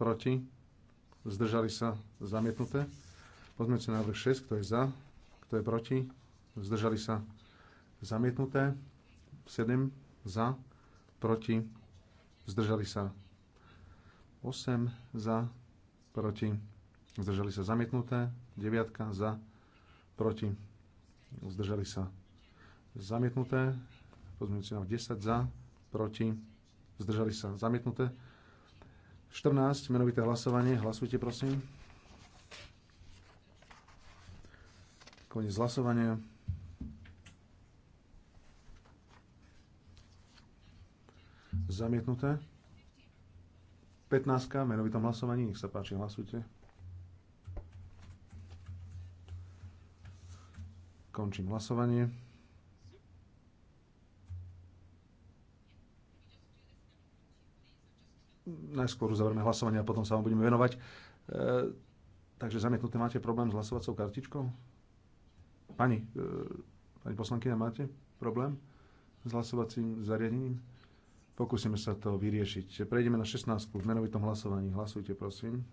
proti, zdržali sa zamietnuté. Pozmeňte návrh 6, kto je za, kto je proti, zdržali sa zamietnuté. 7 za, proti, zdržali sa 8 za, proti, zdržali sa zamietnuté. 9 za, proti, zdržali sa zamietnuté. Pozmeňte návrh 10 za, proti, zdržali sa zamietnuté. 14, menovité hlasovanie. Hlasujte, prosím. Koniec hlasovania. Zamietnuté. 15. menovitom hlasovaní. Nech sa páči, hlasujte. Končím hlasovanie. najskôr uzavrieme hlasovanie a potom sa vám budeme venovať. E, takže zamietnuté máte problém s hlasovacou kartičkou? Pani, e, pani poslankyňa, máte problém s hlasovacím zariadením? Pokúsime sa to vyriešiť. Prejdeme na 16 v menovitom hlasovaní. Hlasujte, prosím.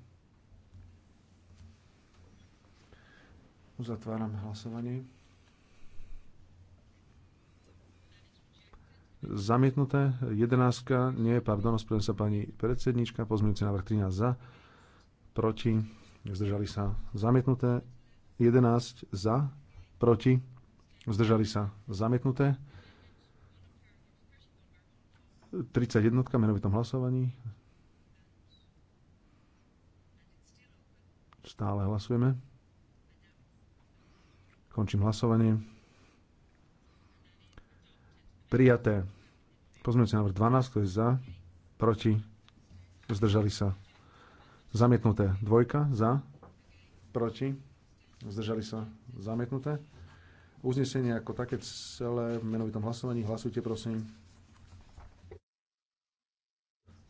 Uzatváram hlasovanie. Zamietnuté. 11. Nie, pardon, ospravedlňujem sa pani predsednička. Pozmienujúci návrh 13 za. Proti. Zdržali sa. Zamietnuté. 11 za. Proti. Zdržali sa. Zamietnuté. 31. menovitom hlasovaní. Stále hlasujeme. Končím hlasovanie. Prijaté. Pozmeňujúci návrh 12, to je za, proti, zdržali sa. Zamietnuté. Dvojka, za, proti, zdržali sa. Zamietnuté. Uznesenie ako také celé v menovitom hlasovaní. Hlasujte, prosím.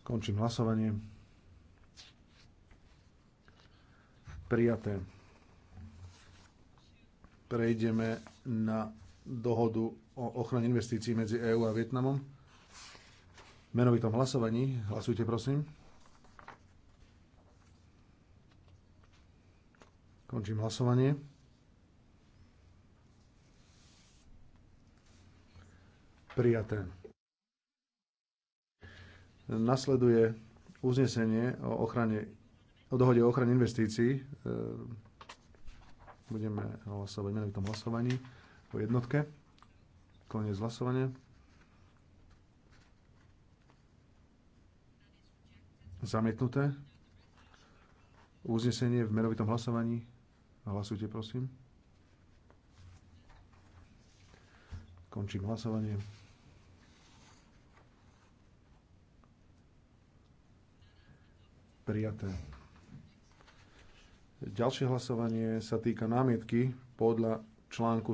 Končím hlasovanie. Prijaté. Prejdeme na dohodu o ochrane investícií medzi EÚ a Vietnamom. Menovitom hlasovaní. Hlasujte, prosím. Končím hlasovanie. Prijaté. Nasleduje uznesenie o ochrane o dohode o ochrane investícií. Ehm, budeme hlasovať v hlasovaní o jednotke. Koniec hlasovania. Zamietnuté. Uznesenie v merovitom hlasovaní. Hlasujte, prosím. Končím hlasovanie. Prijaté. Ďalšie hlasovanie sa týka námietky podľa článku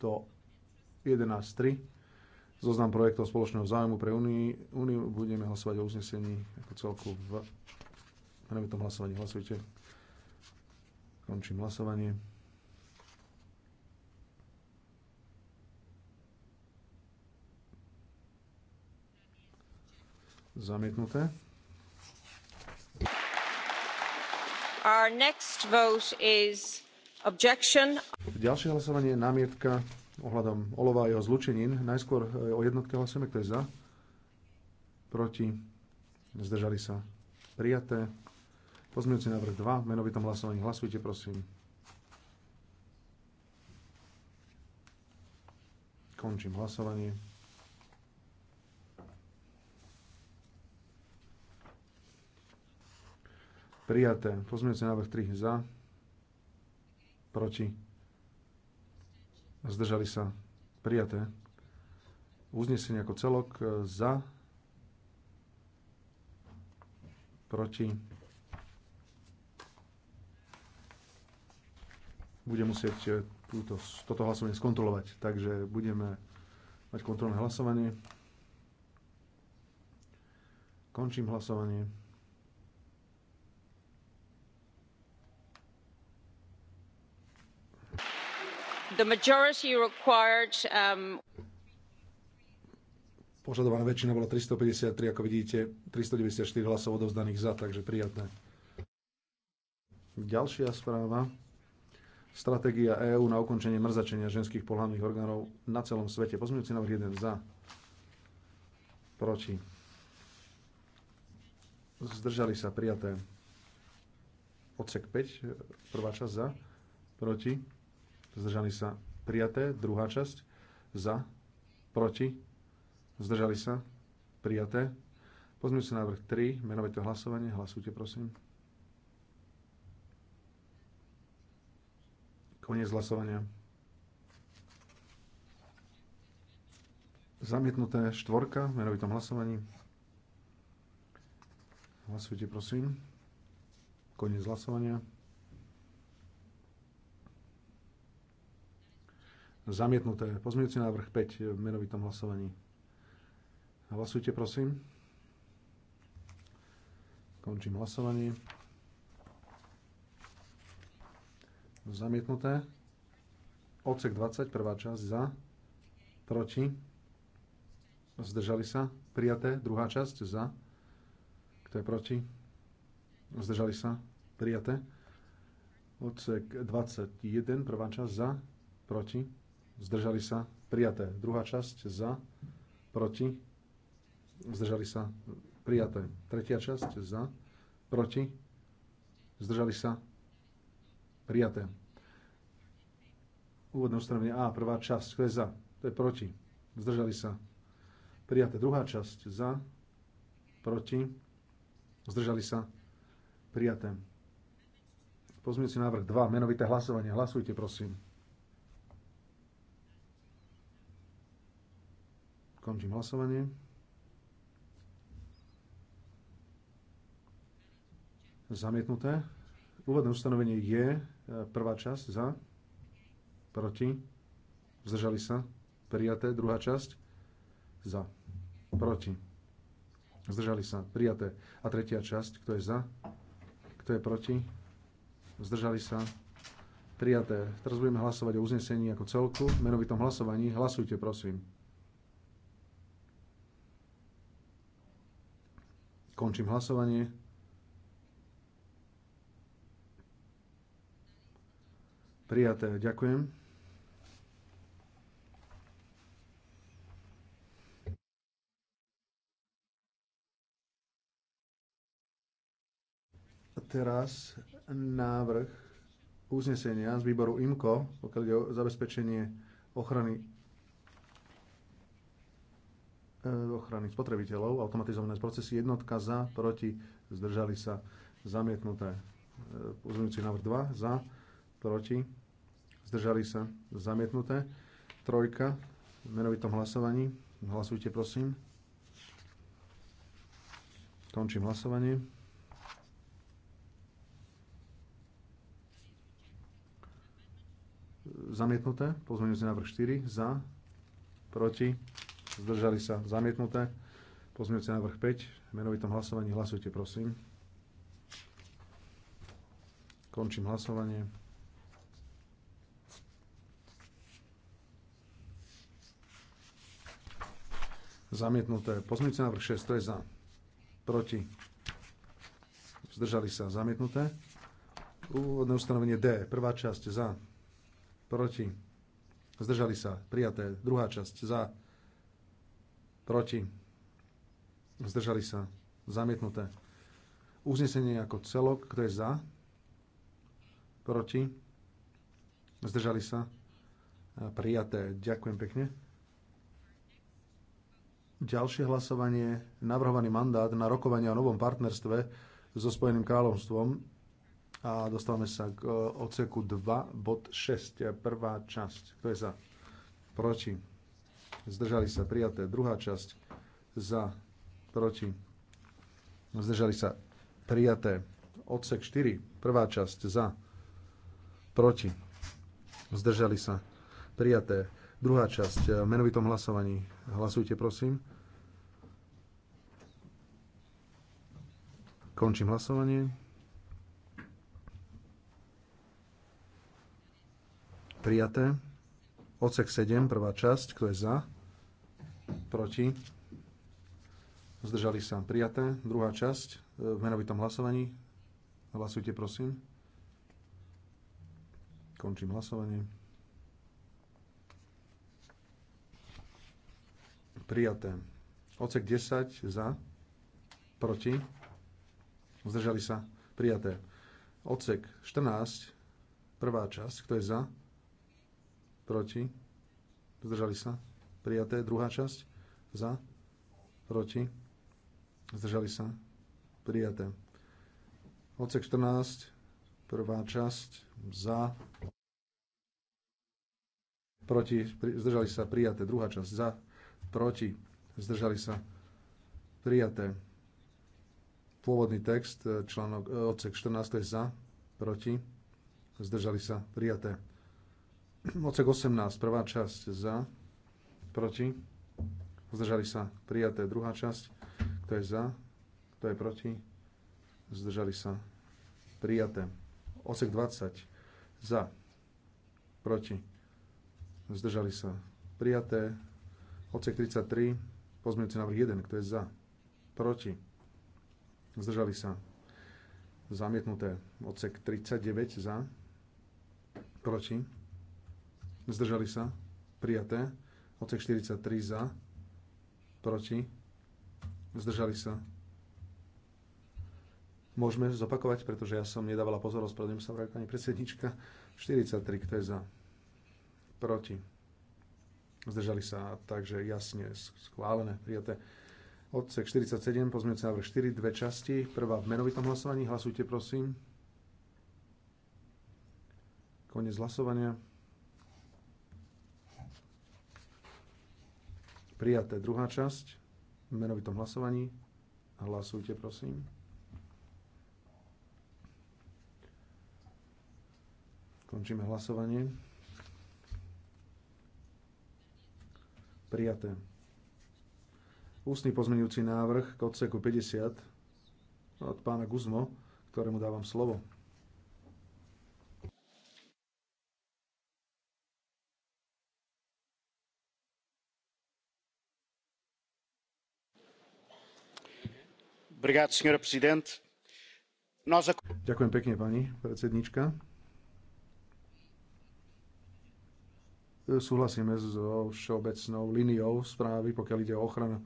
100 11.3. Zoznam projektov spoločného zájmu pre Uniu Budeme hlasovať o uznesení ako celku v tom hlasovaní. Hlasujte. Končím hlasovanie. Zamietnuté. Our next vote is objection. Ďalšie hlasovanie je námietka ohľadom olova a jeho zlučenín. Najskôr e, o jednotke hlasujeme, kto je za, proti, zdržali sa, prijaté. Pozmeňujúci návrh 2, menovitom hlasovaní. Hlasujte, prosím. Končím hlasovanie. Prijaté. Pozmeňujúci návrh 3 za, proti, zdržali sa prijaté. Uznesenie ako celok e, za, proti. Budem musieť e, túto, toto hlasovanie skontrolovať, takže budeme mať kontrolné hlasovanie. Končím hlasovanie. Um, Požadovaná väčšina bola 353, ako vidíte, 394 hlasov odovzdaných za, takže prijatné. Ďalšia správa. Stratégia EÚ na ukončenie mrzačenia ženských pohľadných orgánov na celom svete. Pozmeňujúci návrh 1 za. Proti. Zdržali sa prijaté. Odsek 5, prvá časť za. Proti zdržali sa prijaté, druhá časť za, proti, zdržali sa prijaté. Pozmeňujem sa návrh 3, menovité hlasovanie, hlasujte prosím. Koniec hlasovania. Zamietnuté štvorka v menovitom hlasovaní. Hlasujte prosím. Koniec hlasovania. Zamietnuté. Pozmeňujúci návrh 5 v menovitom hlasovaní. Hlasujte, prosím. Končím hlasovanie. Zamietnuté. Odsek 20, prvá časť za, proti, zdržali sa, prijaté, druhá časť za, kto je proti, zdržali sa, prijaté. Odsek 21, prvá časť za, proti, zdržali sa, prijaté. Druhá časť za, proti, zdržali sa, prijaté. Tretia časť za, proti, zdržali sa, prijaté. Úvodné ustanovenie A, prvá časť, kto je za, to je proti, zdržali sa, prijaté. Druhá časť za, proti, zdržali sa, prijaté. Pozmiňujúci návrh 2, menovité hlasovanie. Hlasujte, prosím. Končím hlasovanie. Zamietnuté. Úvodné ustanovenie je e, prvá časť za, proti, zdržali sa, prijaté, druhá časť za, proti, zdržali sa, prijaté. A tretia časť, kto je za, kto je proti, zdržali sa, prijaté. Teraz budeme hlasovať o uznesení ako celku, menovitom hlasovaní. Hlasujte, prosím. Končím hlasovanie. Prijaté. Ďakujem. Teraz návrh uznesenia z výboru IMCO, pokiaľ ide o zabezpečenie ochrany Eh, ochrany spotrebiteľov, automatizované procesy, jednotka za, proti, zdržali sa, zamietnuté. Eh, Pozorňujúci návrh 2, za, proti, zdržali sa, zamietnuté. Trojka, v menovitom hlasovaní. Hlasujte, prosím. Končím hlasovanie. Zamietnuté. Pozmeňujúci návrh 4. Za. Proti zdržali sa zamietnuté. Pozmeňujúci návrh 5, v menovitom hlasovaní hlasujte prosím. Končím hlasovanie. Zamietnuté. Pozmeňujúci návrh 6, to je za. Proti. Zdržali sa. Zamietnuté. Úvodné ustanovenie D. Prvá časť za. Proti. Zdržali sa. Prijaté. Druhá časť za proti, zdržali sa, zamietnuté. Uznesenie ako celok, kto je za, proti, zdržali sa, e, prijaté. Ďakujem pekne. Ďalšie hlasovanie, navrhovaný mandát na rokovanie o novom partnerstve so Spojeným kráľovstvom a dostávame sa k e, odseku 2, bod 6, prvá časť. Kto je za? Proti? zdržali sa prijaté. Druhá časť za, proti, zdržali sa prijaté. Odsek 4, prvá časť za, proti, zdržali sa prijaté. Druhá časť, eh, menovitom hlasovaní. Hlasujte, prosím. Končím hlasovanie. Prijaté. Odsek 7, prvá časť, kto je za? proti, zdržali sa prijaté. Druhá časť e, v menovitom hlasovaní. Hlasujte prosím. Končím hlasovanie. Prijaté. Ocek 10 za, proti, zdržali sa prijaté. Ocek 14, prvá časť, kto je za, proti, zdržali sa prijaté. Druhá časť, za? Proti? Zdržali sa? Prijaté. Odsek 14, prvá časť. Za? Proti? Zdržali sa? Prijaté. Druhá časť. Za? Proti? Zdržali sa? Prijaté. Pôvodný text, e, článok, e, odsek 14, to je za, proti, zdržali sa, prijaté. Odsek 18, prvá časť za, proti, Zdržali sa prijaté druhá časť. Kto je za? Kto je proti? Zdržali sa prijaté. Osek 20. Za. Proti. Zdržali sa prijaté. Odsek 33. Pozmeňujúci návrh 1. Kto je za? Proti. Zdržali sa zamietnuté. Odsek 39. Za. Proti. Zdržali sa. Prijaté. Odsek 43. Za proti, zdržali sa. Môžeme zopakovať, pretože ja som nedávala pozornosť, predtým sa vraj pani predsednička. 43, kto je za? Proti. Zdržali sa, takže jasne, schválené, prijaté. Odsek 47, pozmeňujúce návrh 4, dve časti. Prvá v menovitom hlasovaní, hlasujte prosím. Konec hlasovania. Prijaté druhá časť v menovitom hlasovaní. Hlasujte, prosím. Končíme hlasovanie. Prijaté. Ústny pozmenujúci návrh k odseku 50 od pána Guzmo, ktorému dávam slovo. Ďakujem pekne, pani predsednička. Súhlasíme so všeobecnou líniou správy, pokiaľ ide o ochranu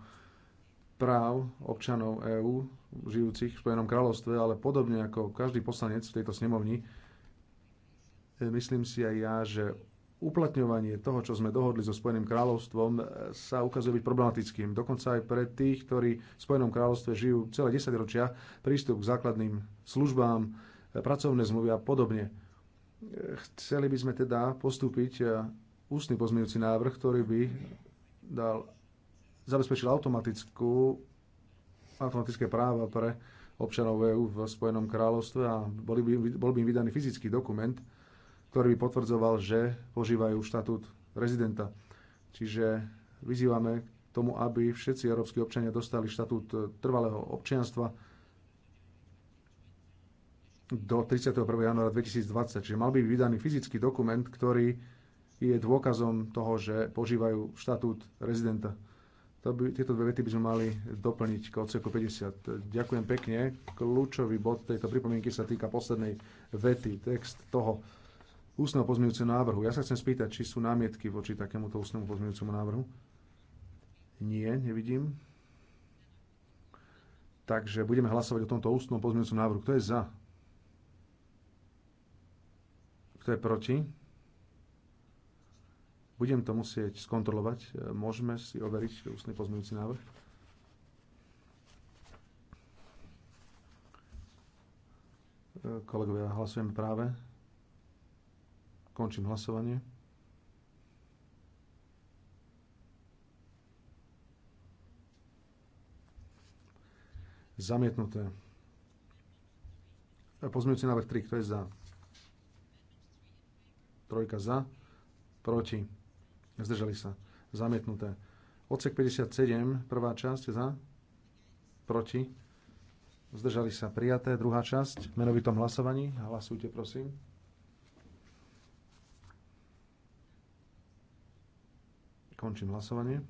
práv občanov EÚ žijúcich v Spojenom kráľovstve, ale podobne ako každý poslanec v tejto snemovni, e, myslím si aj ja, že uplatňovanie toho, čo sme dohodli so Spojeným kráľovstvom, e, sa ukazuje byť problematickým. Dokonca aj pre tých, ktorí v Spojenom kráľovstve žijú celé 10 ročia, prístup k základným službám, e, pracovné zmluvy a podobne. E, chceli by sme teda postúpiť ústny pozmeňujúci návrh, ktorý by dal, zabezpečil automatickú, automatické práva pre občanov EÚ v Spojenom kráľovstve a bol by, bol by im vydaný fyzický dokument, ktorý by potvrdzoval, že požívajú štatút rezidenta. Čiže vyzývame k tomu, aby všetci európsky občania dostali štatút eh, trvalého občianstva do 31. januára 2020. Čiže mal by byť vydaný fyzický dokument, ktorý je dôkazom toho, že požívajú štatút rezidenta. To by, tieto dve vety by sme mali doplniť k odseku 50. Ďakujem pekne. Kľúčový bod tejto pripomienky sa týka poslednej vety, text toho ústneho pozmeňujúceho návrhu. Ja sa chcem spýtať, či sú námietky voči takémuto ústnemu pozmeňujúcemu návrhu? Nie, nevidím. Takže budeme hlasovať o tomto ústnom pozmeňujúcom návrhu. Kto je za? Kto je proti? Budem to musieť skontrolovať. Môžeme si overiť ústny pozmeňujúci návrh? Kolegovia, hlasujeme práve. Končím hlasovanie. Zamietnuté. Pozmiňujúci návrh 3, kto je za? Trojka za, proti, zdržali sa. Zamietnuté. Odsek 57, prvá časť za, proti, zdržali sa prijaté, druhá časť, menovitom hlasovaní. Hlasujte, prosím. Končím hlasovanie.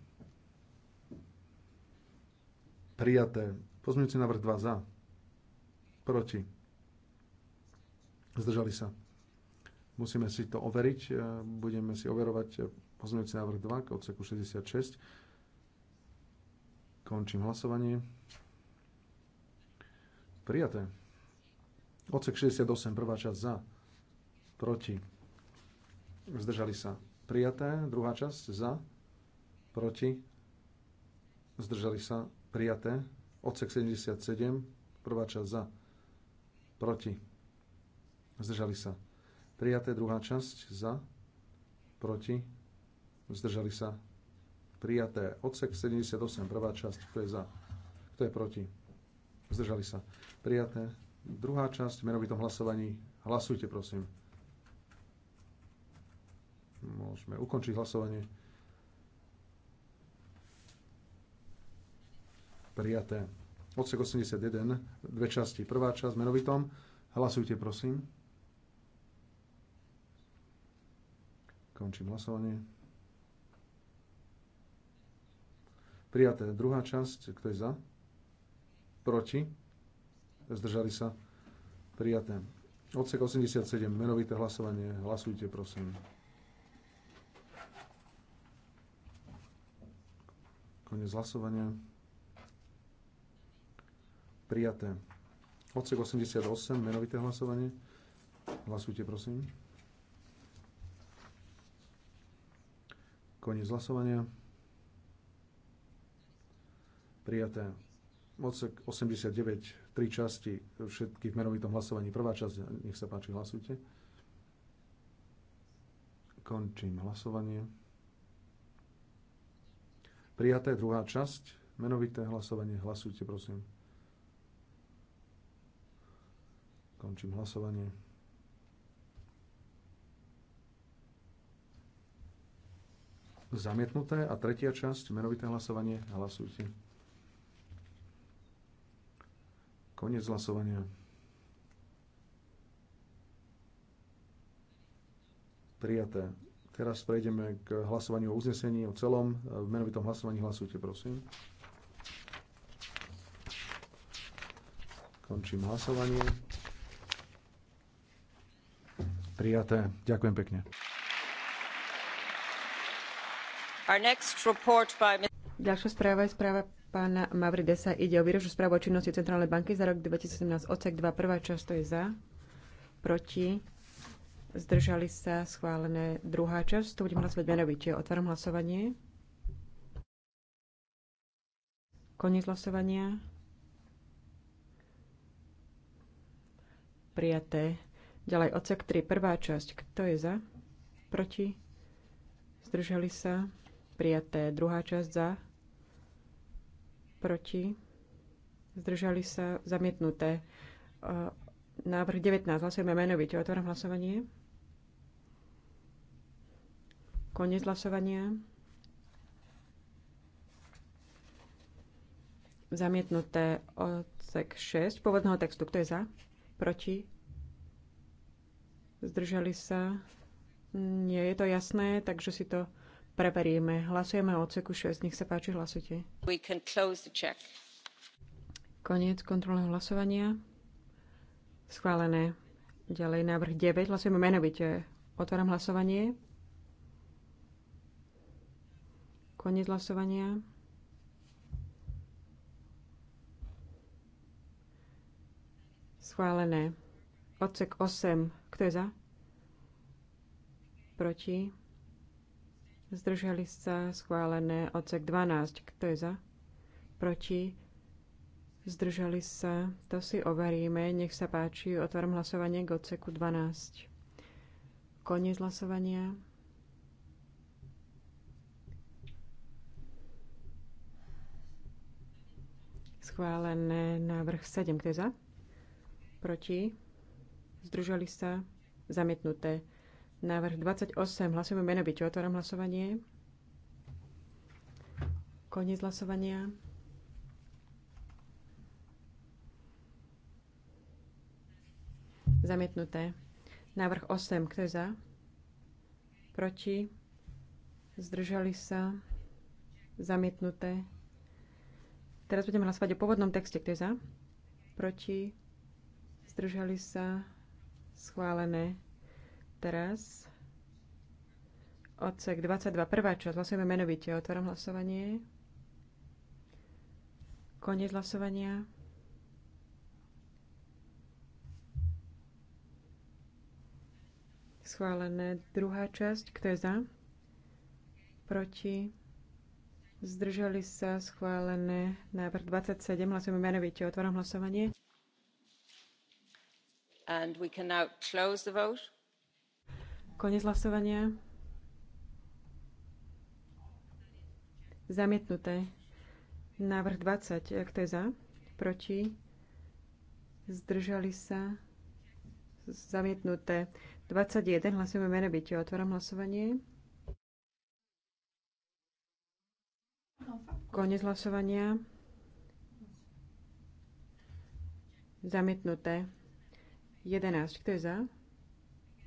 Prijaté. Pozmeňujúci návrh 2 za. Proti. Zdržali sa. Musíme si to overiť. E, budeme si overovať e, pozmeňujúci návrh 2 k odseku 66. Končím hlasovanie. Prijaté. Odsek 68, prvá časť za. Proti. Zdržali sa. Prijaté. Druhá časť za proti, zdržali sa, prijaté. Odsek 77, prvá časť za, proti, zdržali sa, prijaté. Druhá časť za, proti, zdržali sa, prijaté. Odsek 78, prvá časť, kto je za, kto je proti, zdržali sa, prijaté. Druhá časť v menovitom hlasovaní. Hlasujte, prosím. Môžeme ukončiť hlasovanie. prijaté. Odsek 81, dve časti. Prvá časť menovitom. Hlasujte, prosím. Končím hlasovanie. Prijaté. Druhá časť. Kto je za? Proti? Zdržali sa? Prijaté. Odsek 87. Menovité hlasovanie. Hlasujte, prosím. Konec hlasovania. Prijaté. Odsek 88, menovité hlasovanie. Hlasujte, prosím. Koniec hlasovania. Prijaté. Odsek 89, tri časti, všetky v menovitom hlasovaní. Prvá časť, nech sa páči, hlasujte. Končím hlasovanie. Prijaté druhá časť, menovité hlasovanie. Hlasujte, prosím. Končím hlasovanie. Zamietnuté. A tretia časť, menovité hlasovanie. Hlasujte. Koniec hlasovania. Prijaté. Teraz prejdeme k hlasovaniu o uznesení o celom. V menovitom hlasovaní hlasujte, prosím. Končím hlasovanie prijaté. Ďakujem pekne. By... Ďalšia správa je správa pána Mavridesa. Ide o výročnú správu o činnosti Centrálnej banky za rok 2017. Odsek 2. Prvá časť to je za. Proti. Zdržali sa schválené druhá časť. Tu budeme hlasovať menovite. Otváram hlasovanie. Koniec hlasovania. Prijaté Ďalej odsek 3, prvá časť. Kto je za? Proti? Zdržali sa? Prijaté. Druhá časť za? Proti? Zdržali sa? Zamietnuté. Návrh 19. Hlasujeme menovite. Otváram hlasovanie. Koniec hlasovania. Zamietnuté odsek 6 pôvodného textu. Kto je za? Proti? zdržali sa. Nie je to jasné, takže si to preveríme. Hlasujeme o odseku 6. Nech sa páči, hlasujte. We can close the check. Koniec kontrolného hlasovania. Schválené. Ďalej návrh 9. Hlasujeme menovite. Otváram hlasovanie. Koniec hlasovania. Schválené. Odsek 8. Kto je za? Proti? Zdržali sa schválené odsek 12. Kto je za? Proti? Zdržali sa. To si overíme. Nech sa páči. Otváram hlasovanie k odseku 12. Koniec hlasovania. Schválené návrh 7. Kto je za? Proti? zdržali sa, zamietnuté. Návrh 28, hlasujeme byť. otváram hlasovanie. Koniec hlasovania. Zamietnuté. Návrh 8, kto je za? Proti? Zdržali sa? Zamietnuté. Teraz budeme hlasovať o pôvodnom texte, kto je za? Proti? Zdržali sa? Schválené. Teraz odsek 22, prvá časť. Hlasujeme menovite. Otváram hlasovanie. Koniec hlasovania. Schválené. Druhá časť. Kto je za? Proti? Zdržali sa schválené návrh 27. Hlasujeme menovite. Otváram hlasovanie and we can now close the vote. hlasovania. Zamietnuté. Návrh 20. E, kto je za? Proti? Zdržali sa? Zamietnuté. 21. Hlasujeme byťo Otváram hlasovanie. Koniec hlasovania. Zamietnuté. 11. Kto je za?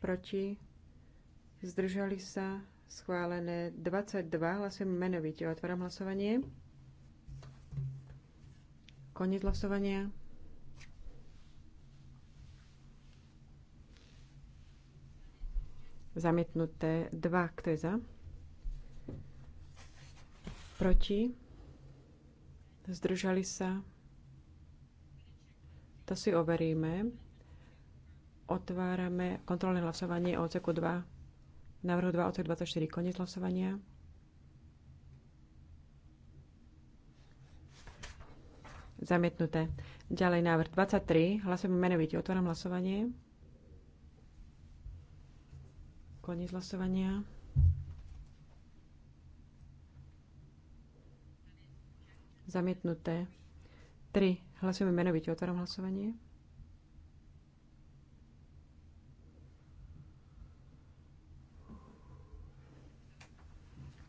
Proti? Zdržali sa? Schválené 22. Hlasujem menovite. Otváram hlasovanie. Koniec hlasovania. Zamietnuté 2. Kto je za? Proti? Zdržali sa? To si overíme. Otvárame kontrolné hlasovanie o odseku 2, návrhu 2, odsek 24, koniec hlasovania. Zamietnuté. Ďalej návrh 23. Hlasujeme menovite. Otváram hlasovanie. Koniec hlasovania. Zamietnuté. 3. Hlasujeme menovite. Otváram hlasovanie.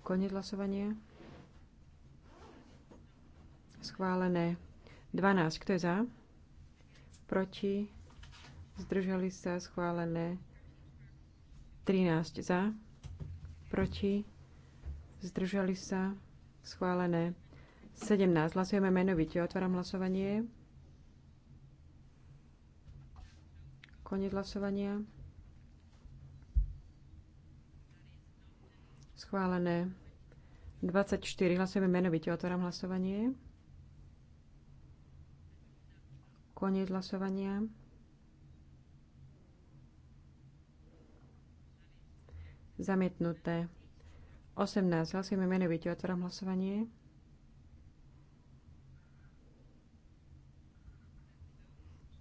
Koniec hlasovania. Schválené. 12. Kto je za? Proti? Zdržali sa. Schválené. 13. Za? Proti? Zdržali sa. Schválené. 17. Hlasujeme menovite. Otváram hlasovanie. Koniec hlasovania. Schválené. 24. Hlasujeme menovite. Otváram hlasovanie. Koniec hlasovania. Zamietnuté. 18. Hlasujeme menovite. Otváram hlasovanie.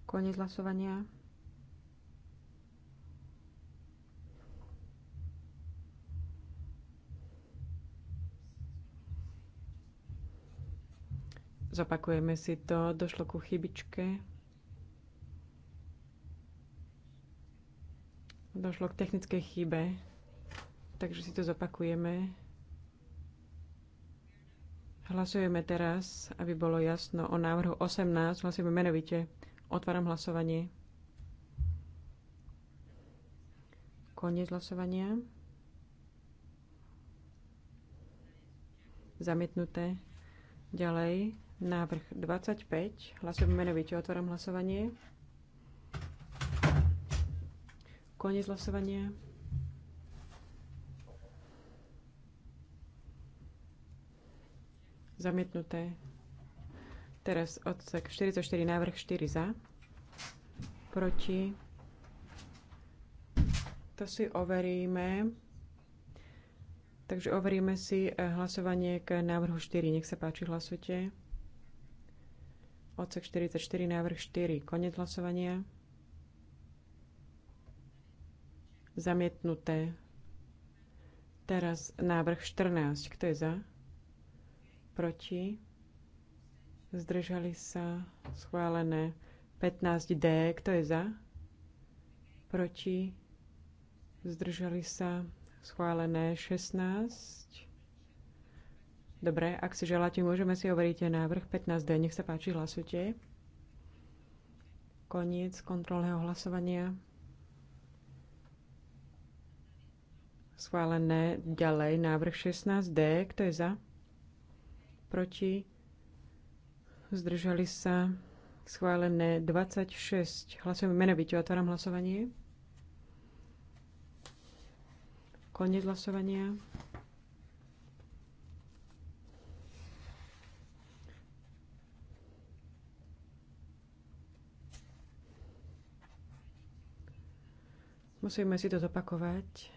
Koniec hlasovania. Zopakujeme si to. Došlo ku chybičke. Došlo k technickej chybe. Takže si to zopakujeme. Hlasujeme teraz, aby bolo jasno o návrhu 18. Hlasujeme menovite. Otváram hlasovanie. Koniec hlasovania. Zamietnuté. Ďalej. Návrh 25. Hlasujem menovite. Otváram hlasovanie. Koniec hlasovania. Zamietnuté. Teraz odsek 44, návrh 4 za. Proti. To si overíme. Takže overíme si hlasovanie k návrhu 4. Nech sa páči, hlasujte. Odsek 44, návrh 4. Konec hlasovania. Zamietnuté. Teraz návrh 14. Kto je za? Proti? Zdržali sa? Schválené. 15D. Kto je za? Proti? Zdržali sa? Schválené. 16. Dobre, ak si želáte, môžeme si overiť návrh 15D. Nech sa páči, hlasujte. Koniec kontrolného hlasovania. Schválené ďalej návrh 16D. Kto je za? Proti? Zdržali sa? Schválené 26. Hlasujeme menovite. Otváram hlasovanie. Koniec hlasovania. Musíme si to zopakovať.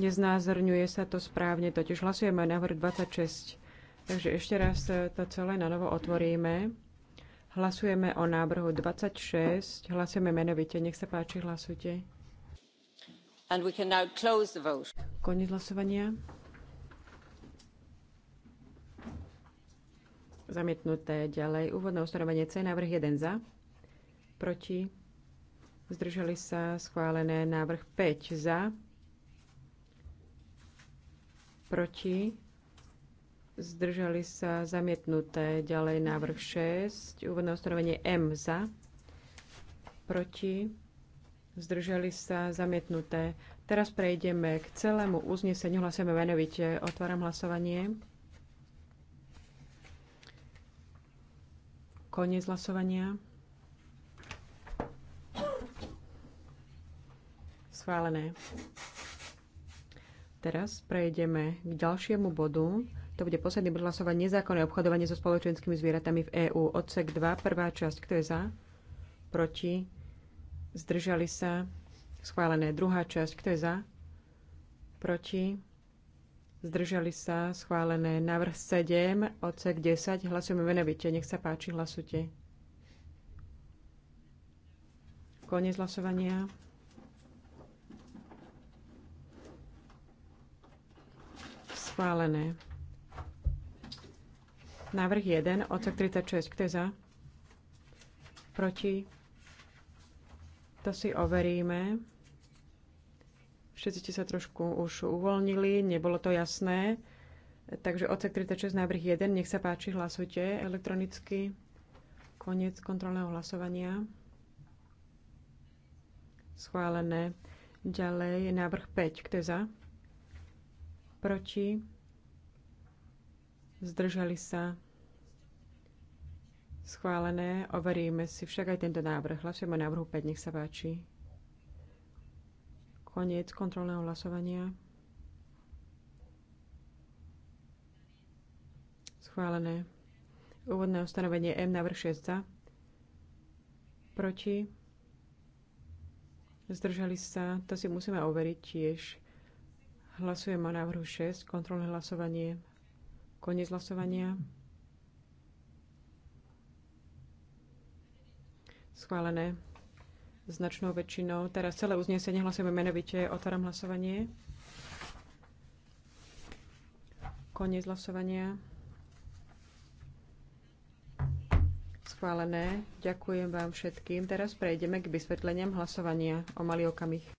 Neznázorňuje sa to správne, totiž hlasujeme na návrh 26. Takže ešte raz to celé na novo otvoríme. Hlasujeme o návrhu 26. Hlasujeme menovite. Nech sa páči, hlasujte. And we can now close the vote. Koniec hlasovania. Zamietnuté ďalej. Úvodné ustanovenie C. Návrh 1 za. Proti. Zdržali sa schválené návrh 5 za. Proti. Zdržali sa zamietnuté. Ďalej návrh 6. Úvodné ustanovenie M za. Proti. Zdržali sa zamietnuté. Teraz prejdeme k celému uzneseniu. Hlasujeme venovite. Otváram hlasovanie. Koniec hlasovania. Schválené. Teraz prejdeme k ďalšiemu bodu. To bude posledný bod hlasovať nezákonné obchodovanie so spoločenskými zvieratami v EÚ. Odsek 2, prvá časť. Kto je za? Proti? Zdržali sa? Schválené. Druhá časť. Kto je za? Proti? Zdržali sa? Schválené. Návrh 7, odsek 10. Hlasujeme venovite. Nech sa páči, hlasujte. Koniec hlasovania. Schválené. Návrh 1, odsek 36. Kto je za? Proti? To si overíme. Všetci ste sa trošku už uvoľnili, nebolo to jasné. Takže odsek 36, návrh 1. Nech sa páči, hlasujte elektronicky. Koniec kontrolného hlasovania. Schválené. Ďalej je návrh 5. Kto je za? proti, zdržali sa, schválené. Overíme si však aj tento návrh. Hlasujeme o návrhu 5, nech sa páči. Koniec kontrolného hlasovania. Schválené. Úvodné ustanovenie M návrh 6 za. Proti. Zdržali sa. To si musíme overiť tiež. Hlasujem o návrhu 6, kontrolné hlasovanie. Koniec hlasovania. Schválené značnou väčšinou. Teraz celé uznesenie hlasujeme menovite. Otváram hlasovanie. Koniec hlasovania. Schválené. Ďakujem vám všetkým. Teraz prejdeme k vysvetleniam hlasovania o malý okamih.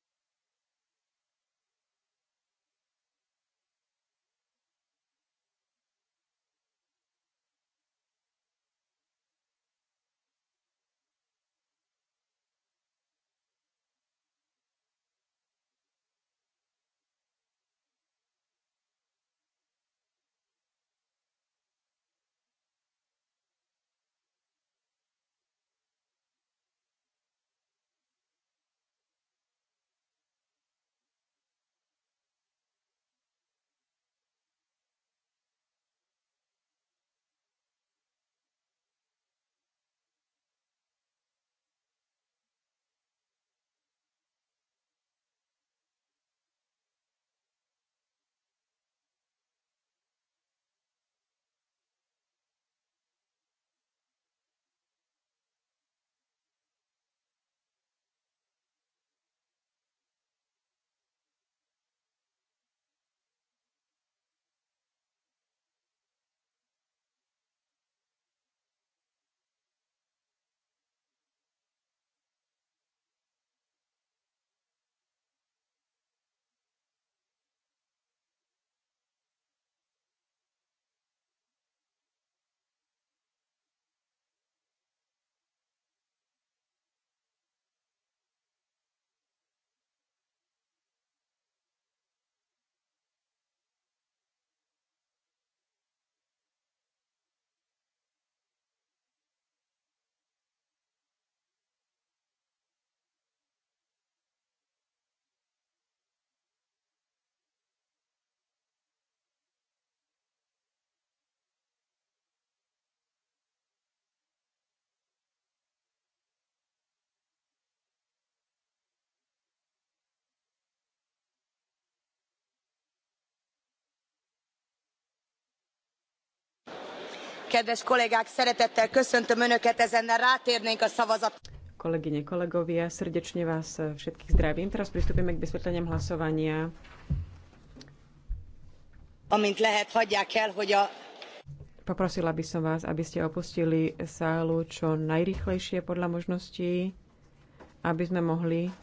Kedves kollégák, szeretettel köszöntöm Önöket, ezennel rátérnénk a szavazat. Kolegyne, kolegovia, srdečne vás všetkých zdravím. Teraz pristúpime k vysvetleniam hlasovania. Amint lehet, hagyják el, hogy a Poprosila by som vás, aby ste opustili sálu čo najrychlejšie podľa možností, aby sme mohli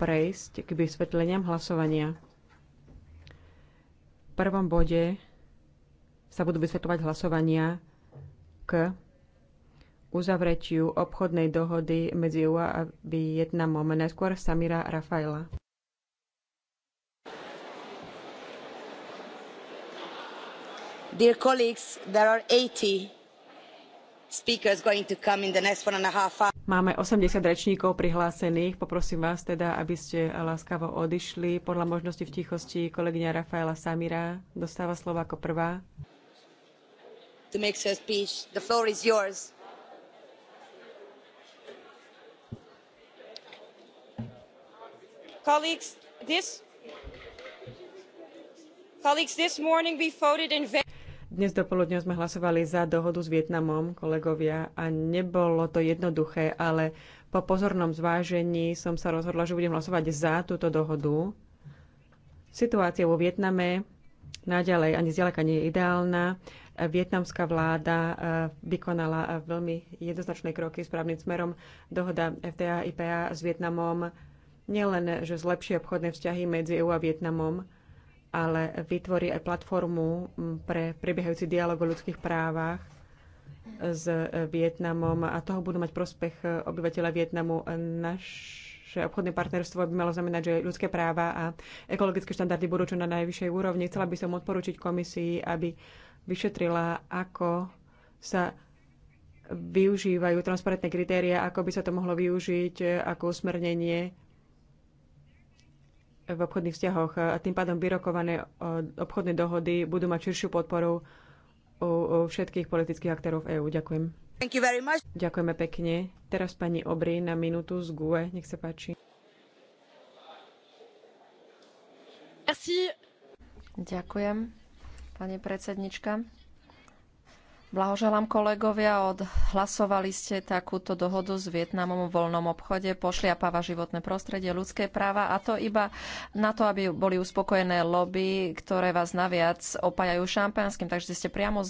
prejsť k vysvetleniam hlasovania. V prvom bode sa budú vysvetľovať hlasovania k uzavretiu obchodnej dohody medzi EU a Vietnamom, najskôr Samira Rafaela. Dear colleagues, there are 80 speakers going to come in the next one and a half hour. Máme 80 rečníkov prihlásených. Poprosím vás teda, aby ste láskavo odišli. Podľa možnosti v tichosti kolegyňa Rafaela Samira dostáva slovo ako prvá to make her speech. the floor is yours. colleagues this, dnes dopoludne sme hlasovali za dohodu s Vietnamom, kolegovia, a nebolo to jednoduché, ale po pozornom zvážení som sa rozhodla, že budem hlasovať za túto dohodu. Situácia vo Vietname naďalej ani zďaleka nie je ideálna. Vietnamská vláda eh, vykonala eh, veľmi jednoznačné kroky správnym smerom. Dohoda FTA IPA s Vietnamom nielen, že zlepší obchodné vzťahy medzi EU a Vietnamom, ale vytvorí aj platformu mm, pre prebiehajúci dialog o ľudských právach eh, s Vietnamom a toho budú mať prospech obyvateľa Vietnamu. Naš že obchodné partnerstvo by malo znamenať, že ľudské práva a ekologické štandardy budú čo na najvyššej úrovni. Chcela by som odporučiť komisii, aby vyšetrila, ako sa využívajú transparentné kritéria, ako by sa to mohlo využiť e, ako usmernenie v obchodných vzťahoch. A tým pádom vyrokované e, obchodné dohody budú mať širšiu podporu u všetkých politických aktérov EÚ. Ďakujem. Ďakujeme pekne. Teraz pani Obry na minútu z GUE. Nech sa páči. Ďakujem, pani predsednička. Blahoželám kolegovia, odhlasovali ste takúto dohodu s Vietnamom o voľnom obchode, pošliapáva životné prostredie, ľudské práva a to iba na to, aby boli uspokojené lobby, ktoré vás naviac opájajú šampanským. Takže ste priamo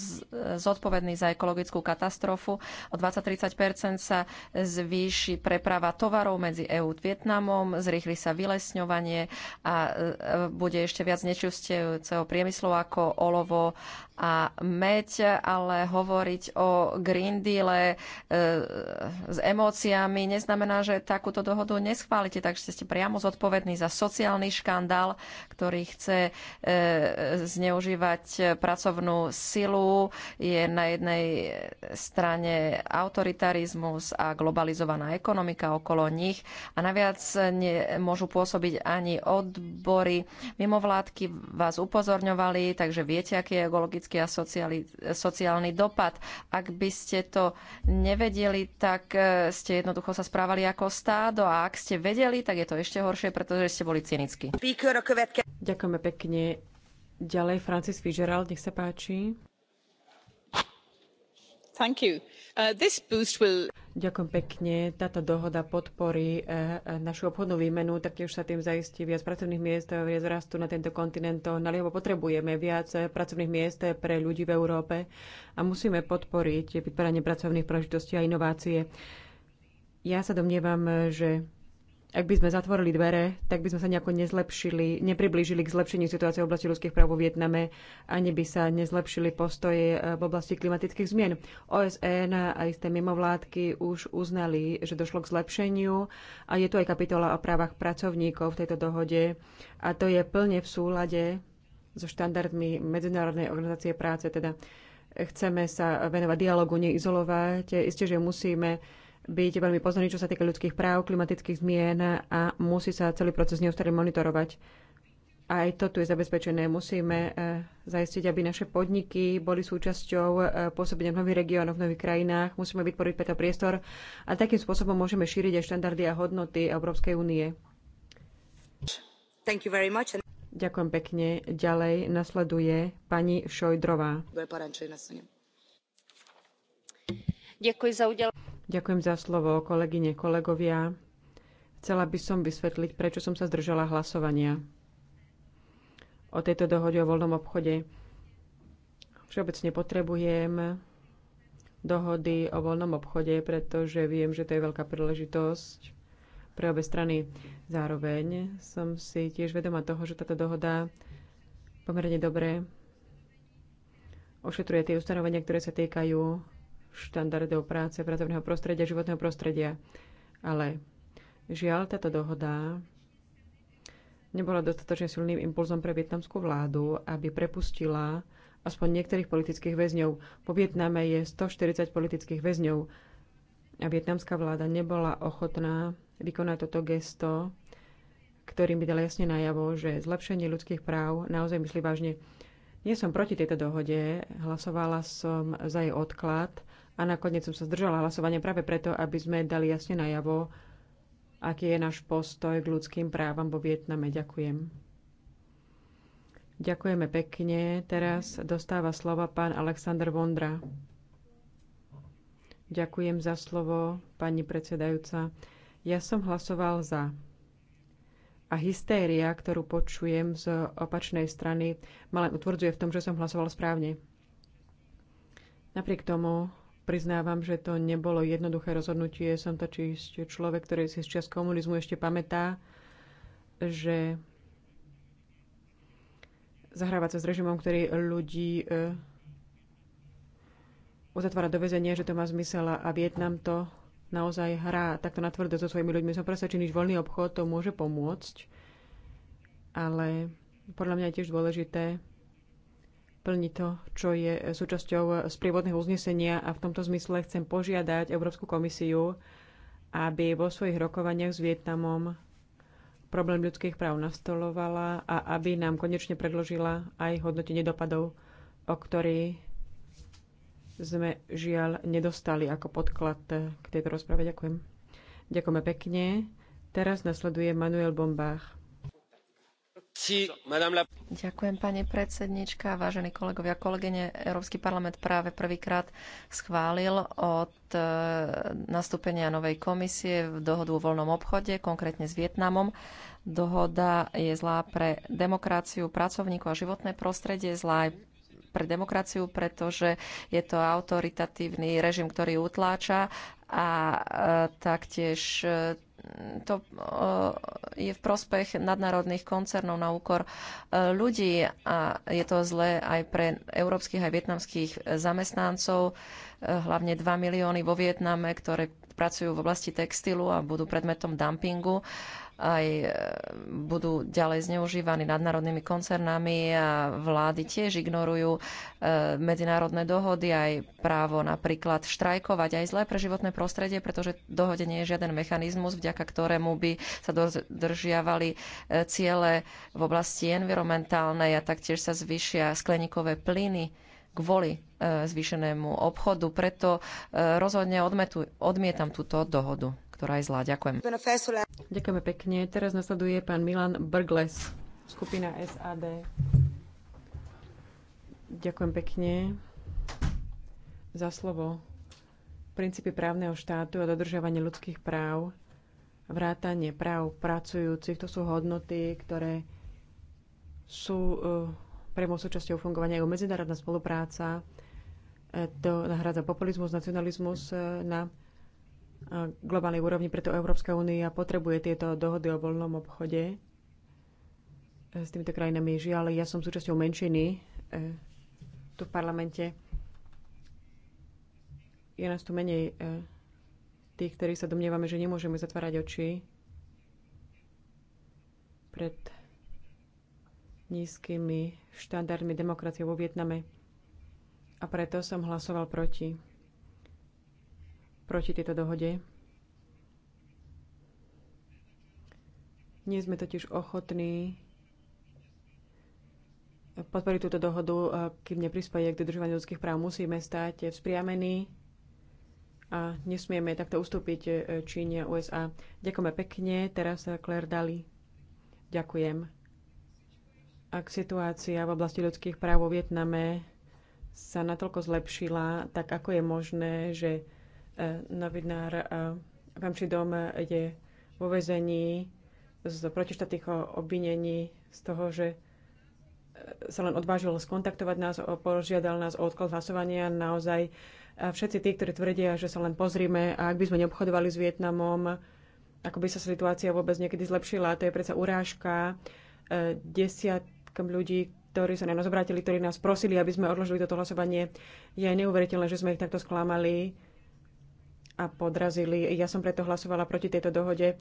zodpovední za ekologickú katastrofu. O 20-30 sa zvýši preprava tovarov medzi EÚ a Vietnamom, zrýchli sa vylesňovanie a e, e, bude ešte viac nečistujúceho priemyslu ako olovo a meď, ale hovoriť o Green Deale e, s emóciami neznamená, že takúto dohodu neschválite, takže ste priamo zodpovední za sociálny škandál, ktorý chce e, zneužívať pracovnú silu. Je na jednej strane autoritarizmus a globalizovaná ekonomika okolo nich a naviac nemôžu pôsobiť ani odbory. Mimovládky vás upozorňovali, takže viete, aký je ekologický ekonomický a sociálny, sociálny dopad. Ak by ste to nevedeli, tak e, ste jednoducho sa správali ako stádo a ak ste vedeli, tak je to ešte horšie, pretože ste boli cynickí. Ďakujeme pekne. Ďalej Francis Fitzgerald, nech sa páči. Thank you. Uh, Ďakujem pekne. Táto dohoda podporí eh, eh, našu obchodnú výmenu, taktiež sa tým zaistí viac pracovných miest, eh, viac rastu na tento kontinent. Naliehavo potrebujeme viac pracovných miest pre ľudí v Európe a musíme podporiť vytváranie pracovných príležitostí a inovácie. Ja sa domnievam, že ak by sme zatvorili dvere, tak by sme sa nejako nezlepšili, nepriblížili k zlepšeniu situácie v oblasti ľudských práv vo Vietname, ani by sa nezlepšili postoje eh, v oblasti klimatických zmien. OSN a isté mimovládky už uznali, že došlo k zlepšeniu a je tu aj kapitola o právach pracovníkov v tejto dohode a to je plne v súlade so štandardmi Medzinárodnej organizácie práce, teda chceme sa venovať dialogu, neizolovať. Isté, že musíme byť veľmi pozorný, čo sa týka ľudských práv, klimatických zmien a musí sa celý proces neustále monitorovať. Aj to tu je zabezpečené. Musíme eh, zaistiť, aby naše podniky boli súčasťou eh, pôsobenia v nových regiónoch, v nových krajinách. Musíme vytvoriť preto priestor a takým spôsobom môžeme šíriť aj štandardy a hodnoty Európskej únie. Thank you very much. Ďakujem pekne. Ďalej nasleduje pani Šojdrová. Ďakujem za udelenie Ďakujem za slovo, kolegyne, kolegovia. Chcela by som vysvetliť, prečo som sa zdržala hlasovania o tejto dohode o voľnom obchode. Všeobecne potrebujem dohody o voľnom obchode, pretože viem, že to je veľká príležitosť pre obe strany. Zároveň som si tiež vedoma toho, že táto dohoda pomerne dobre ošetruje tie ustanovenia, ktoré sa týkajú štandardov práce, pracovného prostredia, životného prostredia. Ale žiaľ, táto dohoda nebola dostatočne silným impulzom pre vietnamskú vládu, aby prepustila aspoň niektorých politických väzňov. Po Vietname je 140 politických väzňov a vietnamská vláda nebola ochotná vykonať toto gesto, ktorým by dala jasne najavo, že zlepšenie ľudských práv naozaj myslí vážne. Nie som proti tejto dohode, hlasovala som za jej odklad, a nakoniec som sa zdržala hlasovania práve preto, aby sme dali jasne najavo, aký je náš postoj k ľudským právam vo Vietname. Ďakujem. Ďakujeme pekne. Teraz dostáva slova pán Aleksandr Vondra. Ďakujem za slovo, pani predsedajúca. Ja som hlasoval za. A hystéria, ktorú počujem z opačnej strany, ma len utvrdzuje v tom, že som hlasoval správne. Napriek tomu priznávam, že to nebolo jednoduché rozhodnutie. Som to čisto človek, ktorý si z čas komunizmu ešte pamätá, že zahrávať sa s režimom, ktorý ľudí e, uzatvára do väzenia, že to má zmysel a Vietnam to naozaj hrá takto natvrdo so svojimi ľuďmi. Som presvedčený, že voľný obchod to môže pomôcť, ale podľa mňa je tiež dôležité plní to, čo je súčasťou sprievodného uznesenia a v tomto zmysle chcem požiadať Európsku komisiu, aby vo svojich rokovaniach s Vietnamom problém ľudských práv nastolovala a aby nám konečne predložila aj hodnotenie dopadov, o ktorý sme žiaľ nedostali ako podklad k tejto rozprave. Ďakujem. Ďakujeme pekne. Teraz nasleduje Manuel Bombách. Ďakujem, pani predsednička. Vážení kolegovia, kolegyne, Európsky parlament práve prvýkrát schválil od e, nastúpenia novej komisie v dohodu o voľnom obchode, konkrétne s Vietnamom. Dohoda je zlá pre demokraciu pracovníkov a životné prostredie, zlá aj pre demokraciu, pretože je to autoritatívny režim, ktorý utláča a e, taktiež e, to e, je v prospech nadnárodných koncernov na úkor ľudí a je to zlé aj pre európskych aj vietnamských zamestnancov, hlavne 2 milióny vo Vietname, ktoré pracujú v oblasti textilu a budú predmetom dumpingu aj e, budú ďalej zneužívaní nadnárodnými koncernami a vlády tiež ignorujú e, medzinárodné dohody, aj právo napríklad štrajkovať, aj zlé pre životné prostredie, pretože dohode nie je žiaden mechanizmus, vďaka ktorému by sa dodržiavali e, ciele v oblasti environmentálnej a taktiež sa zvyšia skleníkové plyny kvôli zvýšenému obchodu. Preto rozhodne odmietam túto dohodu ktorá je zlá. Ďakujem. Ďakujeme pekne. Teraz nasleduje pán Milan Brgles, skupina SAD. Ďakujem pekne za slovo. Princípy právneho štátu a dodržiavanie ľudských práv, vrátanie práv pracujúcich, to sú hodnoty, ktoré sú eh, priamo súčasťou fungovania aj medzinárodná spolupráca, eh, to nahrádza populizmus, nacionalizmus eh, na globálnej úrovni, preto Európska únia potrebuje tieto dohody o voľnom obchode e, s týmito krajinami. Žiaľ, ja som súčasťou menšiny e, tu v parlamente. Je nás tu menej e, tých, ktorí sa domnievame, že nemôžeme zatvárať oči pred nízkymi štandardmi demokracie vo Vietname. A preto som hlasoval proti proti tejto dohode. Nie sme totiž ochotní podporiť túto dohodu, kým neprispieje k dodržovaniu ľudských práv. Musíme stať vzpriamení a nesmieme takto ustúpiť e, Číne a USA. Ďakujeme pekne. Teraz e, Claire Daly. Ďakujem. Ak situácia v oblasti ľudských práv vo Vietname sa natoľko zlepšila, tak ako je možné, že E, novinár e, Vamči dom je vo vezení z protištatých obvinení z toho, že e, sa len odvážil skontaktovať nás, požiadal nás o odklad hlasovania. Naozaj všetci tí, ktorí tvrdia, že sa len pozrime, a ak by sme neobchodovali s Vietnamom, ako by sa situácia vôbec niekedy zlepšila. To je predsa urážka desiatkom ľudí, ktorí sa na nás obrátili, ktorí nás prosili, aby sme odložili toto hlasovanie. Je neuveriteľné, že sme ich takto sklamali a podrazili. Ja som preto hlasovala proti tejto dohode.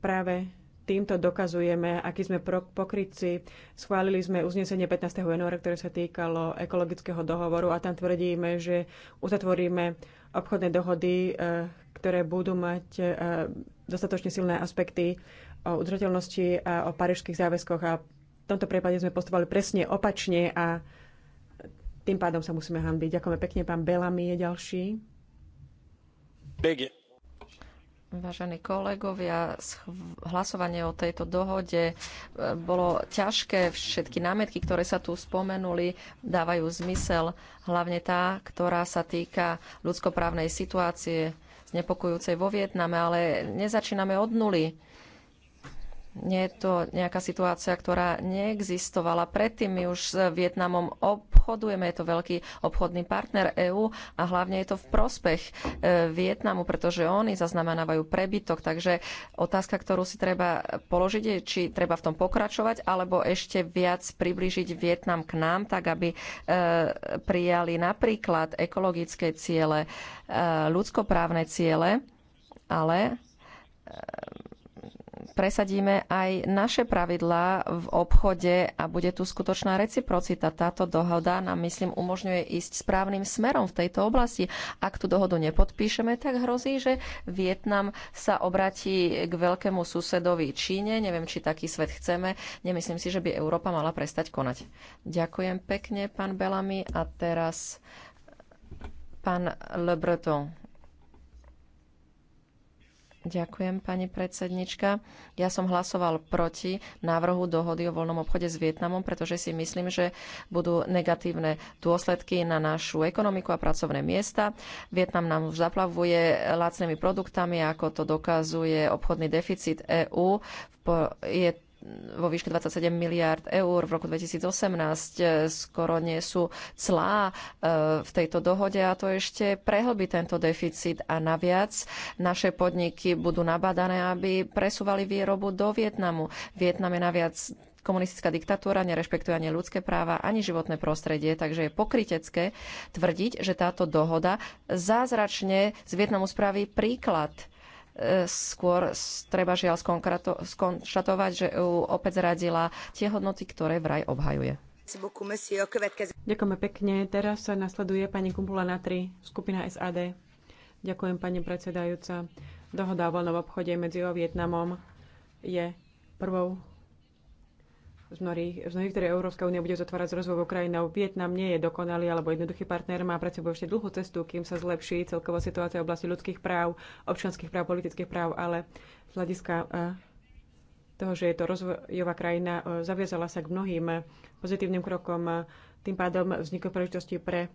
Práve týmto dokazujeme, aký sme pokrytci. Schválili sme uznesenie 15. januára, ktoré sa týkalo ekologického dohovoru a tam tvrdíme, že uzatvoríme obchodné dohody, e, ktoré budú mať e, dostatočne silné aspekty o udržateľnosti a o parížských záväzkoch a v tomto prípade sme postupovali presne opačne a tým pádom sa musíme hambiť. Ďakujeme pekne, pán Belami je ďalší. Vážení kolegovia, hlasovanie o tejto dohode e, bolo ťažké. Všetky námetky, ktoré sa tu spomenuli, dávajú zmysel. Hlavne tá, ktorá sa týka ľudskoprávnej situácie znepokojúcej vo Vietname, ale nezačíname od nuly nie je to nejaká situácia, ktorá neexistovala predtým. My už s Vietnamom obchodujeme, je to veľký obchodný partner EÚ a hlavne je to v prospech e, Vietnamu, pretože oni zaznamenávajú prebytok. Takže otázka, ktorú si treba položiť, je, či treba v tom pokračovať, alebo ešte viac priblížiť Vietnam k nám, tak aby e, prijali napríklad ekologické ciele, e, ľudskoprávne ciele, ale presadíme aj naše pravidlá v obchode a bude tu skutočná reciprocita. Táto dohoda nám, myslím, umožňuje ísť správnym smerom v tejto oblasti. Ak tú dohodu nepodpíšeme, tak hrozí, že Vietnam sa obratí k veľkému susedovi Číne. Neviem, či taký svet chceme. Nemyslím si, že by Európa mala prestať konať. Ďakujem pekne, pán Belami. A teraz pán Le Breton Ďakujem, pani predsednička. Ja som hlasoval proti návrhu dohody o voľnom obchode s Vietnamom, pretože si myslím, že budú negatívne dôsledky na našu ekonomiku a pracovné miesta. Vietnam nám už zaplavuje lacnými produktami, ako to dokazuje obchodný deficit EÚ. Je vo výške 27 miliard eur v roku 2018. E, skoro nie sú clá e, v tejto dohode a to ešte prehlbí tento deficit a naviac naše podniky budú nabadané, aby presúvali výrobu do Vietnamu. Vietnam je naviac komunistická diktatúra nerešpektuje ani ľudské práva, ani životné prostredie, takže je pokrytecké tvrdiť, že táto dohoda zázračne z Vietnamu spraví príklad Skôr treba žiaľ skonštatovať, že EU opäť zradila tie hodnoty, ktoré vraj obhajuje. Ďakujeme pekne. Teraz sa nasleduje pani Kumpula na 3, skupina SAD. Ďakujem, pani predsedajúca. Dohoda o voľnom obchode medzi Vietnamom je prvou z mnohých, z mnohých ktoré Európska únia bude zatvárať z rozvojovou krajinou. Vietnam nie je dokonalý alebo jednoduchý partner, má pred sebou ešte dlhú cestu, kým sa zlepší celková situácia v oblasti ľudských práv, občanských práv, politických práv, ale z hľadiska eh, toho, že je to rozvojová krajina, eh, zaviazala sa k mnohým eh, pozitívnym krokom. Tým pádom vzniklo príležitosti pre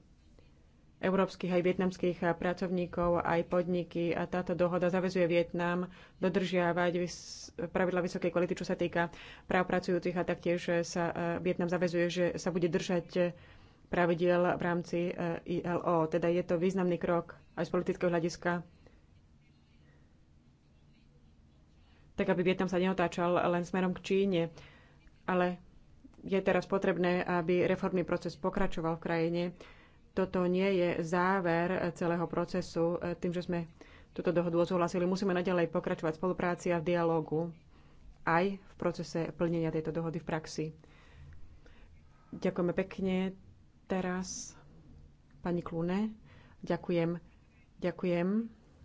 európskych aj vietnamských eh, pracovníkov, aj podniky. A táto dohoda zavezuje Vietnam dodržiavať pravidla vysokej kvality, čo sa týka práv pracujúcich a taktiež eh, sa eh, Vietnam zavezuje, že sa bude držať pravidiel v rámci ILO. Teda je to významný krok aj z politického hľadiska, tak aby Vietnam sa neotáčal len smerom k Číne. Ale je teraz potrebné, aby reformný proces pokračoval v krajine toto nie je záver celého procesu. Tým, že sme túto dohodu odsúhlasili, musíme naďalej pokračovať v spolupráci a v dialogu aj v procese plnenia tejto dohody v praxi. Ďakujeme pekne. Teraz pani Klune. Ďakujem. Ďakujem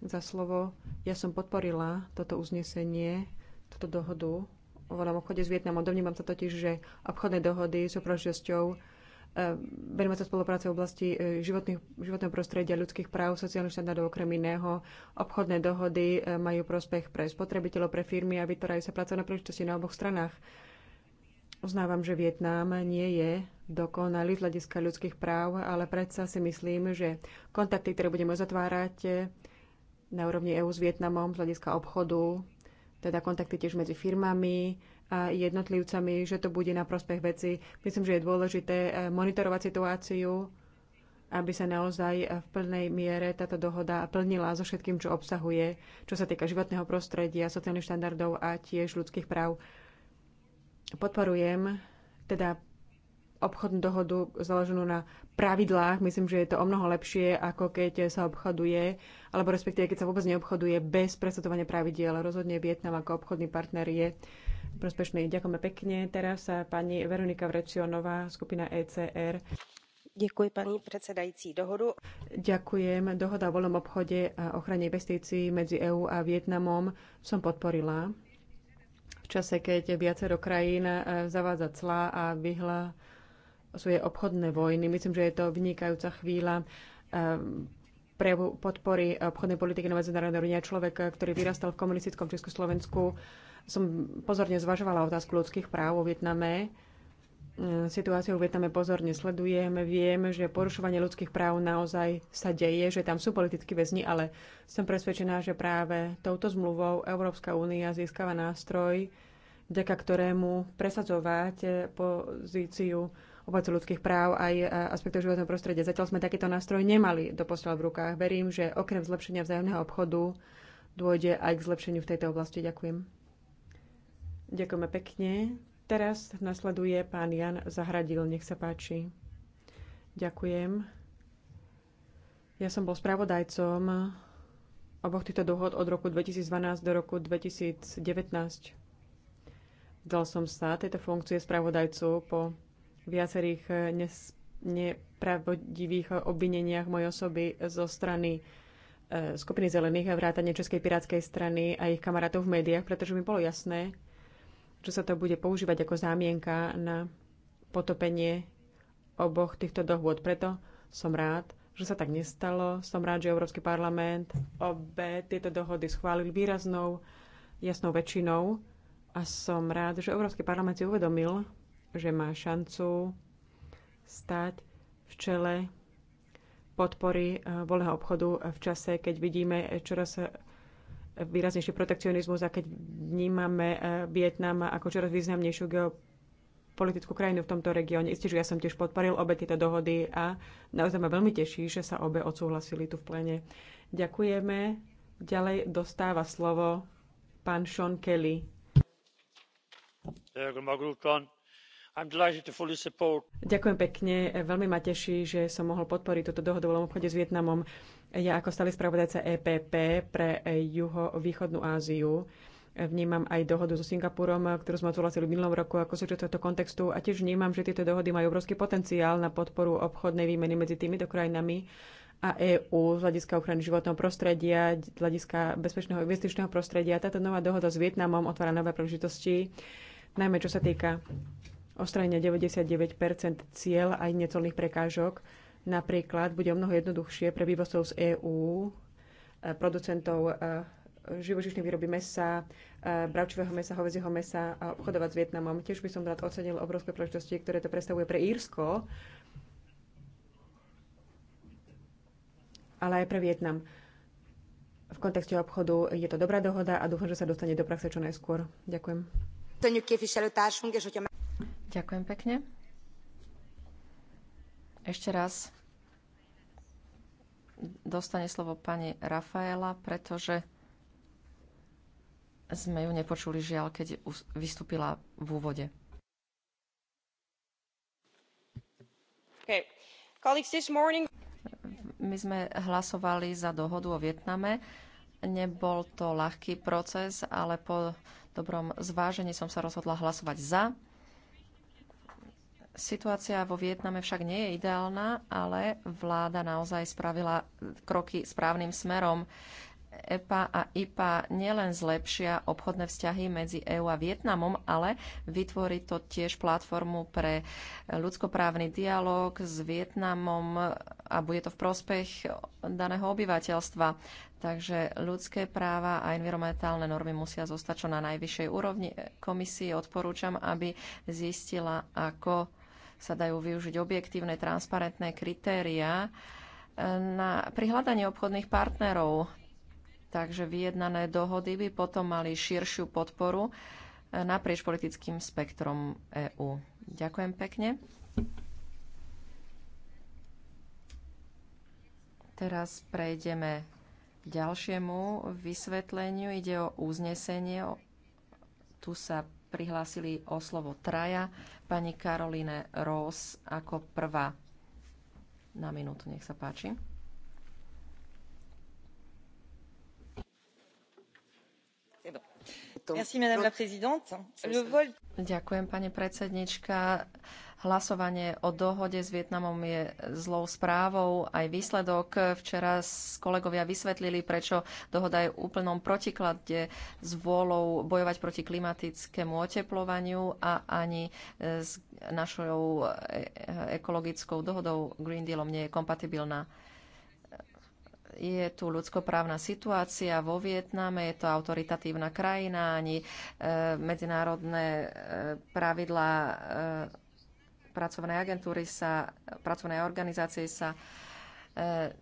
za slovo. Ja som podporila toto uznesenie, túto dohodu o voľnom obchode s Vietnamom. Domnívam sa totiž, že obchodné dohody sú prožiosťou Veríme e, sa spolupráce v oblasti e, životného prostredia, ľudských práv, sociálnych štandardov okrem iného. Obchodné dohody e, majú prospech pre spotrebiteľov, pre firmy a vytvárajú sa pracovné príležitosti na oboch stranách. Uznávam, že Vietnam nie je dokonalý z hľadiska ľudských práv, ale predsa si myslím, že kontakty, ktoré budeme zatvárať na úrovni EÚ s Vietnamom z hľadiska obchodu, teda kontakty tiež medzi firmami, a jednotlivcami, že to bude na prospech veci. Myslím, že je dôležité eh, monitorovať situáciu, aby sa naozaj eh, v plnej miere táto dohoda plnila so všetkým, čo obsahuje, čo sa týka životného prostredia, sociálnych štandardov a tiež ľudských práv. Podporujem teda obchodnú dohodu založenú na pravidlách. Myslím, že je to o mnoho lepšie, ako keď sa obchoduje, alebo respektíve keď sa vôbec neobchoduje bez presadzovania pravidiel. Rozhodne Vietnam ako obchodný partner je prospešný. Ďakujeme pekne. Teraz sa pani Veronika Vrecionová, skupina ECR. Ďakujem pani predsedajúci dohodu. Ďakujem. Dohoda o voľnom obchode a ochrane investícií medzi EÚ a Vietnamom som podporila v čase, keď viacero krajín eh, zavádza clá a vyhla sú obchodné vojny. Myslím, že je to vynikajúca chvíľa eh, pre podpory obchodnej politiky na medzinárodnej úrovni. Človek, ktorý vyrastal v komunistickom Československu, som pozorne zvažovala otázku ľudských práv vo Vietname. Eh, situáciu v Vietname pozorne sledujeme. Viem, že porušovanie ľudských práv naozaj sa deje, že tam sú politickí väzni, ale som presvedčená, že práve touto zmluvou Európska únia získava nástroj, vďaka ktorému presadzovať eh, pozíciu obhajcu ľudských práv aj e, aspektov životného prostredia. Zatiaľ sme takýto nástroj nemali doposiaľ v rukách. Verím, že okrem zlepšenia vzájomného obchodu dôjde aj k zlepšeniu v tejto oblasti. Ďakujem. Ďakujeme pekne. Teraz nasleduje pán Jan Zahradil. Nech sa páči. Ďakujem. Ja som bol spravodajcom oboch týchto dohod od roku 2012 do roku 2019. Vzdal som sa tejto funkcie spravodajcu po viacerých eh, nepravodivých eh, obvineniach mojej osoby zo strany eh, skupiny zelených a vrátane Českej pirátskej strany a ich kamarátov v médiách, pretože mi bolo jasné, že sa to bude používať ako zámienka na potopenie oboch týchto dohôd. Preto som rád, že sa tak nestalo. Som rád, že Európsky parlament obe tieto dohody schválil výraznou, jasnou väčšinou a som rád, že Európsky parlament si uvedomil, že má šancu stať v čele podpory eh, voľného obchodu v čase, keď vidíme čoraz eh, výraznejší protekcionizmus a keď vnímame eh, Vietnam ako čoraz významnejšiu geopolitickú krajinu v tomto regióne. Isté, že ja som tiež podporil obe tieto dohody a naozaj ma veľmi teší, že sa obe odsúhlasili tu v plene. Ďakujeme. Ďalej dostáva slovo pán Sean Kelly. Ďakujem, Ďakujem pekne. Veľmi ma teší, že som mohol podporiť túto dohodu o obchode s Vietnamom. Ja ako stály spravodajca EPP pre juho-východnú Áziu vnímam aj dohodu so Singapurom, ktorú sme odsúhlasili v minulom roku ako súčasť tohto kontextu a tiež vnímam, že tieto dohody majú obrovský potenciál na podporu obchodnej výmeny medzi týmito krajinami a EÚ z hľadiska ochrany životného prostredia, z hľadiska bezpečného investičného prostredia. Táto nová dohoda s Vietnamom otvára nové príležitosti, najmä čo sa týka odstránenia 99 cieľ aj necelných prekážok. Napríklad bude o mnoho jednoduchšie pre vývozcov z EÚ, eh, producentov eh, živočišnej výroby mesa, eh, bravčového mesa, hovedzieho mesa a obchodovať s Vietnamom. Tiež by som rád ocenil obrovské príležitosti, ktoré to predstavuje pre Írsko, ale aj pre Vietnam. V kontexte obchodu je to dobrá dohoda a dúfam, že sa dostane do praxe čo najskôr. Ďakujem. Ďakujem pekne. Ešte raz dostane slovo pani Rafaela, pretože sme ju nepočuli žiaľ, keď vystúpila v úvode. My sme hlasovali za dohodu o Vietname. Nebol to ľahký proces, ale po dobrom zvážení som sa rozhodla hlasovať za Situácia vo Vietname však nie je ideálna, ale vláda naozaj spravila kroky správnym smerom. EPA a IPA nielen zlepšia obchodné vzťahy medzi EÚ a Vietnamom, ale vytvorí to tiež platformu pre ľudskoprávny dialog s Vietnamom a bude to v prospech daného obyvateľstva. Takže ľudské práva a environmentálne normy musia zostať čo na najvyššej úrovni. Komisii odporúčam, aby zistila, ako sa dajú využiť objektívne, transparentné kritériá e, na prihľadanie obchodných partnerov. Takže vyjednané dohody by potom mali širšiu podporu e, naprieč politickým spektrom EÚ. Ďakujem pekne. Teraz prejdeme k ďalšiemu vysvetleniu. Ide o uznesenie. Tu sa prihlásili o slovo traja. Pani Karoline Rós ako prvá. Na minútu, nech sa páči. Ďakujem, pani predsednička. Hlasovanie o dohode s Vietnamom je zlou správou. Aj výsledok včera kolegovia vysvetlili, prečo dohoda je úplnom protiklade s vôľou bojovať proti klimatickému oteplovaniu a ani s našou e- e- ekologickou dohodou Green Dealom nie je kompatibilná je tu ľudskoprávna situácia vo Vietname, je to autoritatívna krajina, ani e, medzinárodné e, pravidlá e, pracovnej agentúry sa, pracovnej organizácie sa e,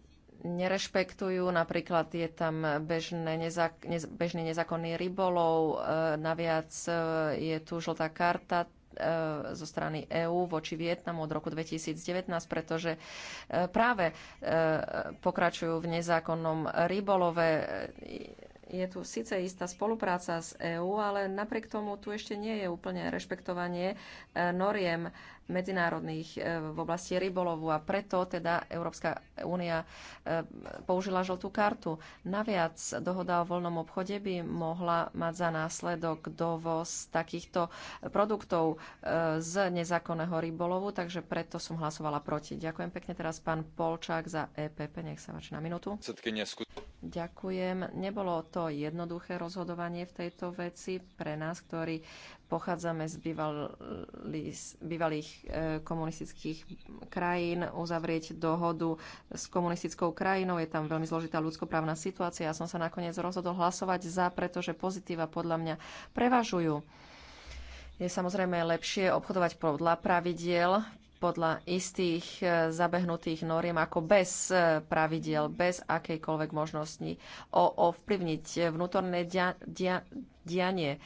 nerešpektujú. Napríklad je tam bežné, nezak, bežný nezákonný rybolov, e, naviac e, je tu žltá karta, Eh, zo strany EÚ voči Vietnamu od roku 2019, pretože eh, práve eh, pokračujú v nezákonnom rybolove. Je tu síce istá spolupráca s EÚ, ale napriek tomu tu ešte nie je úplne rešpektovanie noriem medzinárodných e, v oblasti rybolovu a preto teda Európska únia e, použila žltú kartu. Naviac dohoda o voľnom obchode by mohla mať za následok dovoz takýchto produktov e, z nezákonného rybolovu, takže preto som hlasovala proti. Ďakujem pekne teraz pán Polčák za EPP, nech sa vači na minútu. Ďakujem. Nebolo to jednoduché rozhodovanie v tejto veci pre nás, ktorí pochádzame z, bývalý, z bývalých e, komunistických krajín, uzavrieť dohodu s komunistickou krajinou. Je tam veľmi zložitá ľudskoprávna situácia. Ja som sa nakoniec rozhodol hlasovať za, pretože pozitíva podľa mňa prevažujú. Je samozrejme lepšie obchodovať podľa pravidiel, podľa istých e, zabehnutých noriem ako bez e, pravidiel, bez akejkoľvek možnosti ovplyvniť vnútorné dia, dia, dianie.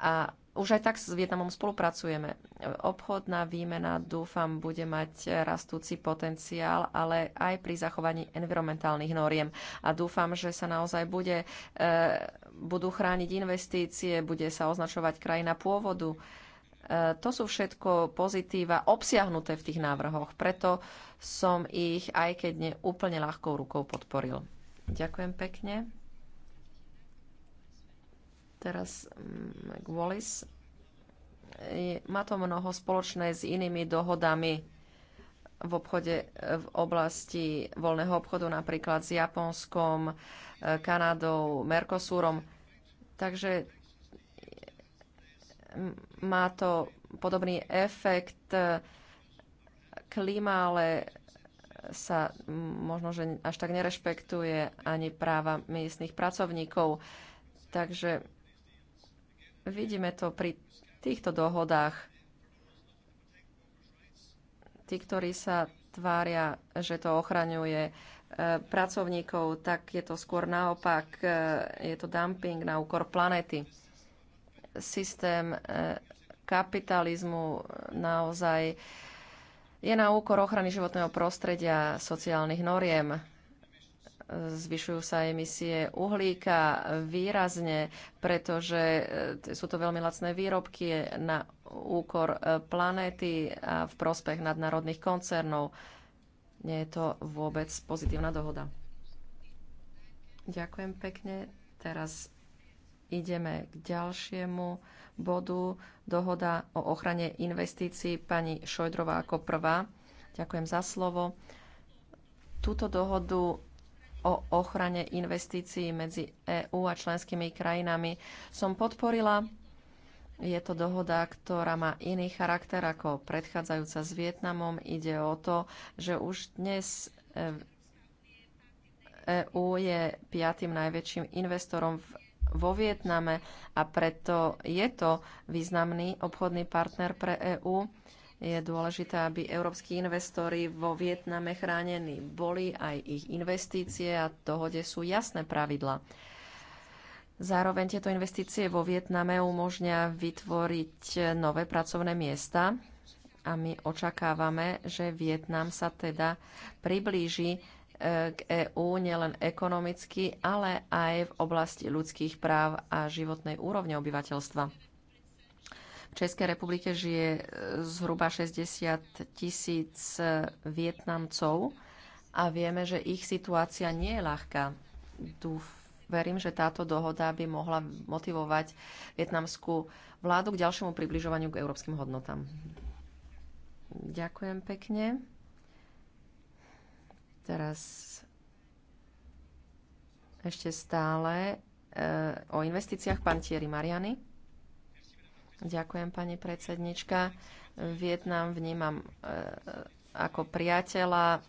A už aj tak s Vietnamom spolupracujeme. Obchodná výmena, dúfam, bude mať rastúci potenciál, ale aj pri zachovaní environmentálnych noriem. A dúfam, že sa naozaj bude, e, budú chrániť investície, bude sa označovať krajina pôvodu. E, to sú všetko pozitíva obsiahnuté v tých návrhoch, preto som ich, aj keď neúplne ľahkou rukou, podporil. Ďakujem pekne. Teraz mm, Wallis. Má to mnoho spoločné s inými dohodami v obchode v oblasti voľného obchodu napríklad s Japonskom, e, Kanadou, Mercosurom. Takže mm, má to podobný efekt e, klíma, ale sa mm, možno, že až tak nerešpektuje ani práva miestnych pracovníkov. Takže Vidíme to pri týchto dohodách. Tí, ktorí sa tvária, že to ochraňuje e, pracovníkov, tak je to skôr naopak. E, je to dumping na úkor planety. Systém e, kapitalizmu naozaj je na úkor ochrany životného prostredia, sociálnych noriem zvyšujú sa emisie uhlíka výrazne, pretože e, sú to veľmi lacné výrobky na úkor e, planéty a v prospech nadnárodných koncernov. Nie je to vôbec pozitívna dohoda. Ďakujem pekne. Teraz ideme k ďalšiemu bodu. Dohoda o ochrane investícií pani Šojdrová ako prvá. Ďakujem za slovo. Túto dohodu o ochrane investícií medzi EÚ a členskými krajinami som podporila. Je to dohoda, ktorá má iný charakter ako predchádzajúca s Vietnamom. Ide o to, že už dnes EÚ je piatým najväčším investorom v, vo Vietname a preto je to významný obchodný partner pre EÚ. Je dôležité, aby európsky investori vo Vietname chránení boli aj ich investície a v dohode sú jasné pravidla. Zároveň tieto investície vo Vietname umožňa vytvoriť nové pracovné miesta a my očakávame, že Vietnam sa teda priblíži e, k EÚ nielen ekonomicky, ale aj v oblasti ľudských práv a životnej úrovne obyvateľstva. Českej republike žije e, zhruba 60 tisíc e, Vietnamcov a vieme, že ich situácia nie je ľahká. Dúf, verím, že táto dohoda by mohla motivovať vietnamskú vládu k ďalšiemu približovaniu k európskym hodnotám. Ďakujem pekne. Teraz ešte stále e, o investíciách pán Thierry Mariany. Ďakujem, pani predsednička. Vietnam vnímam e, ako priateľa.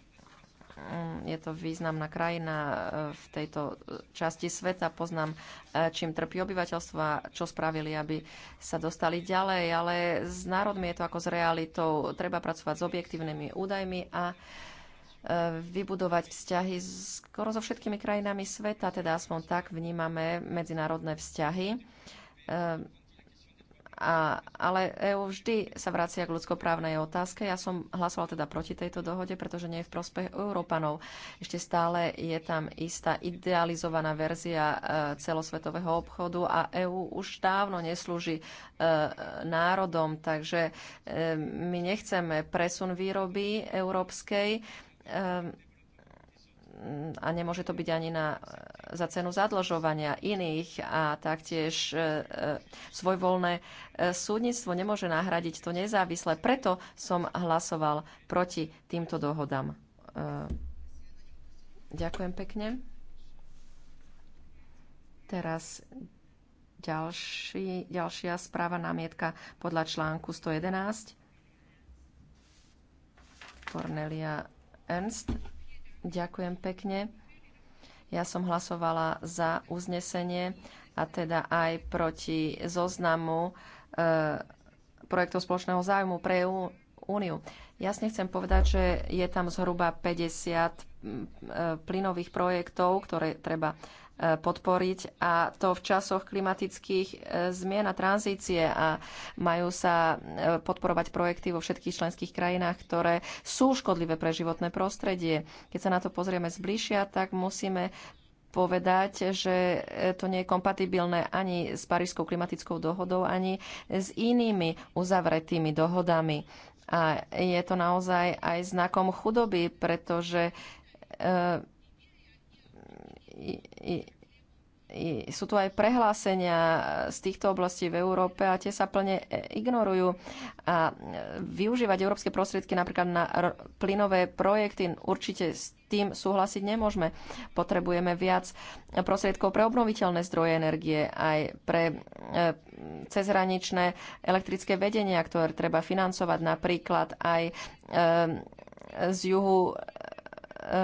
Mm, je to významná krajina e, v tejto časti sveta. Poznám, e, čím trpí obyvateľstvo a čo spravili, aby sa dostali ďalej. Ale s národmi je to ako s realitou. Treba pracovať s objektívnymi údajmi a vybudovať vzťahy skoro so všetkými krajinami sveta, teda aspoň tak vnímame medzinárodné vzťahy a, ale EÚ vždy sa vracia k ľudskoprávnej otázke. Ja som hlasoval teda proti tejto dohode, pretože nie je v prospech Európanov. Ešte stále je tam istá idealizovaná verzia e, celosvetového obchodu a EÚ už dávno neslúži e, národom, takže e, my nechceme presun výroby európskej a nemôže to byť ani na, za cenu zadlžovania iných a taktiež e, e svojvoľné e, súdnictvo nemôže nahradiť to nezávislé. Preto som hlasoval proti týmto dohodám. E, ďakujem pekne. Teraz ďalší, ďalšia správa námietka podľa článku 111. Cornelia Ernst. Ďakujem pekne. Ja som hlasovala za uznesenie a teda aj proti zoznamu e, projektov spoločného zájmu pre Úniu. Jasne chcem povedať, že je tam zhruba 50 Mm, e, plynových projektov, ktoré treba e, podporiť a to v časoch klimatických e, zmien a tranzície a majú sa podporovať projekty vo všetkých členských krajinách, ktoré sú škodlivé pre životné prostredie. Keď sa na to pozrieme zbližšia, tak musíme povedať, že to nie je kompatibilné ani s Parížskou klimatickou dohodou, ani s inými uzavretými dohodami. A je to naozaj aj znakom chudoby, pretože E, sú tu aj prehlásenia z týchto oblastí v Európe a tie sa plne e, ignorujú. A e, využívať európske prostriedky napríklad na plynové projekty určite s tým súhlasiť nemôžeme. Potrebujeme viac prostriedkov pre obnoviteľné zdroje energie, aj pre cezhraničné elektrické vedenia, ktoré treba financovať napríklad aj z juhu E,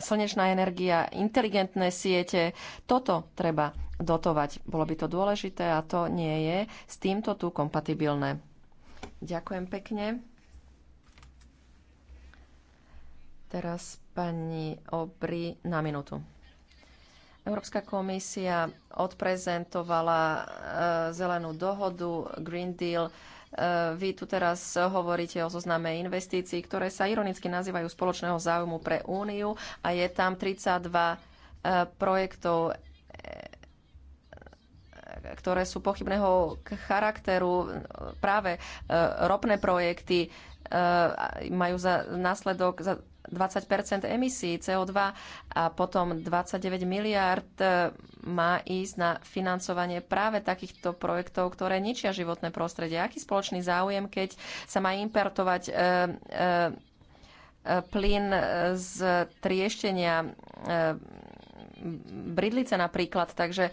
slnečná energia, inteligentné siete. Toto treba dotovať. Bolo by to dôležité a to nie je s týmto tu kompatibilné. Ďakujem pekne. Teraz pani Obry na minútu. Európska komisia odprezentovala e, zelenú dohodu Green Deal E, vy tu teraz hovoríte o zozname investícií, ktoré sa ironicky nazývajú spoločného záujmu pre Úniu a je tam 32 e, projektov e, ktoré sú pochybného charakteru, práve ropné projekty majú za následok, za 20 emisí CO2 a potom 29 miliard e, má ísť na financovanie práve takýchto projektov, ktoré ničia životné prostredie. Aký spoločný záujem, keď sa má importovať e, e, e plyn z trieštenia e, bridlice napríklad. Takže